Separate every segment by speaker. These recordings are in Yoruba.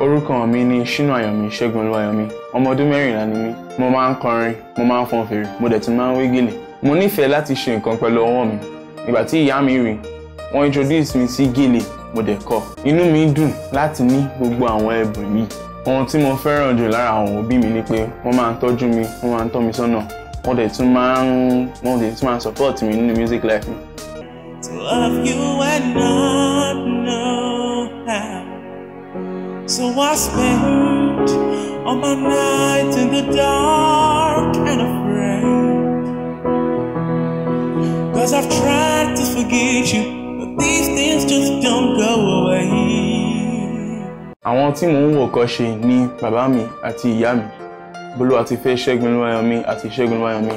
Speaker 1: orúkọ mi ni Ṣínà Àyànmí Ṣẹ́gun Olúwayọ̀mí ọmọ ọdún mẹ́rìnlá ni mí mo máa ń kọrin mo máa ń fọn fèrè mo dẹ̀ tún máa ń wé mo nífẹ̀ẹ́ láti ṣe nǹkan pẹ̀lú ọwọ́ mi ìgbà tí ìyá mi rí wọ́n introduce mi sí gèlè mo dẹ̀ kọ́ inú mi dùn láti ní gbogbo àwọn ẹ̀bùn yìí ohun tí mo fẹ́ràn jù lára àwọn òbí mi ni pé wọ́n máa ń tọ́jú mi wọ́n máa ń tọ́ mi sọ́nà wọ́n dẹ̀ tún máa ń wọ́n dẹ̀ tún máa ń support mi nínú music life mi. to love
Speaker 2: you and not So I spent all my nights in the dark and
Speaker 1: afraid.
Speaker 2: Cause I've tried to forget
Speaker 1: you, but these things just don't go away. Àwọn tí mò ń wò kọ́ ṣe ni bàbá mi àti ìyá mi, Bólú àti Fẹ́ Ṣẹ́gun Olúwayọ̀mí àti Ṣẹ́gun Olúwayọ̀mí.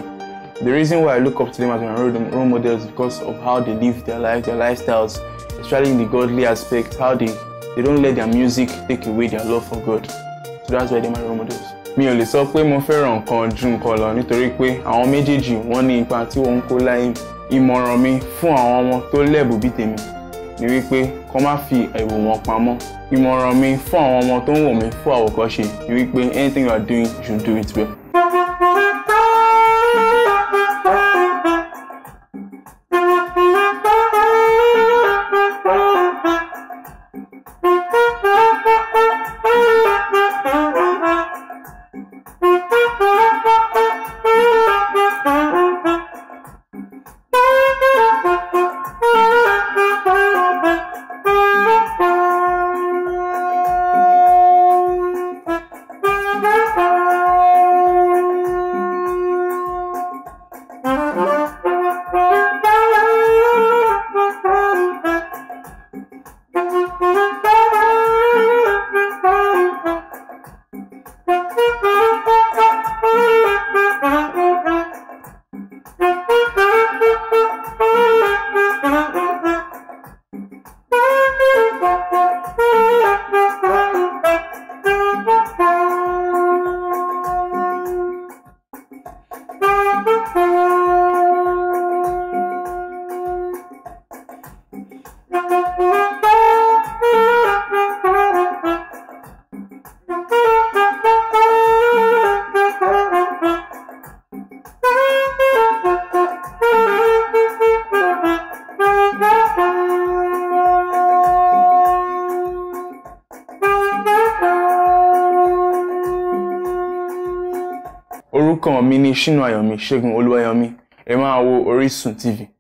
Speaker 1: The reason why I look up to them as my role models is because of how they live their life, their lifestyles, especially in the godly aspect, how they they don't let their music take away their love for God so that's why they're my role models. mi ò lè sọ pé mo fẹ́ràn nǹkan ju nǹkan lọ nítorí pé àwọn méjèèjì wọ́n ní ipa tí wọ́n ń kó láyé mi ìmọ̀ràn mi fún àwọn ọmọ tó lẹ́bùn bí tèmi ni wípé kó má fi ẹ̀wù wọn pamọ́ ìmọ̀ràn mi fún àwọn ọmọ tó ń wò mí fún àwòkọ́ṣe ni wípé anything you are doing you should do it well. Thank you. orúkọ mi ni Ṣínú Ayọ̀mí Ṣẹ́gun Olúwayọ̀mí ẹ máa wo Orísun TV.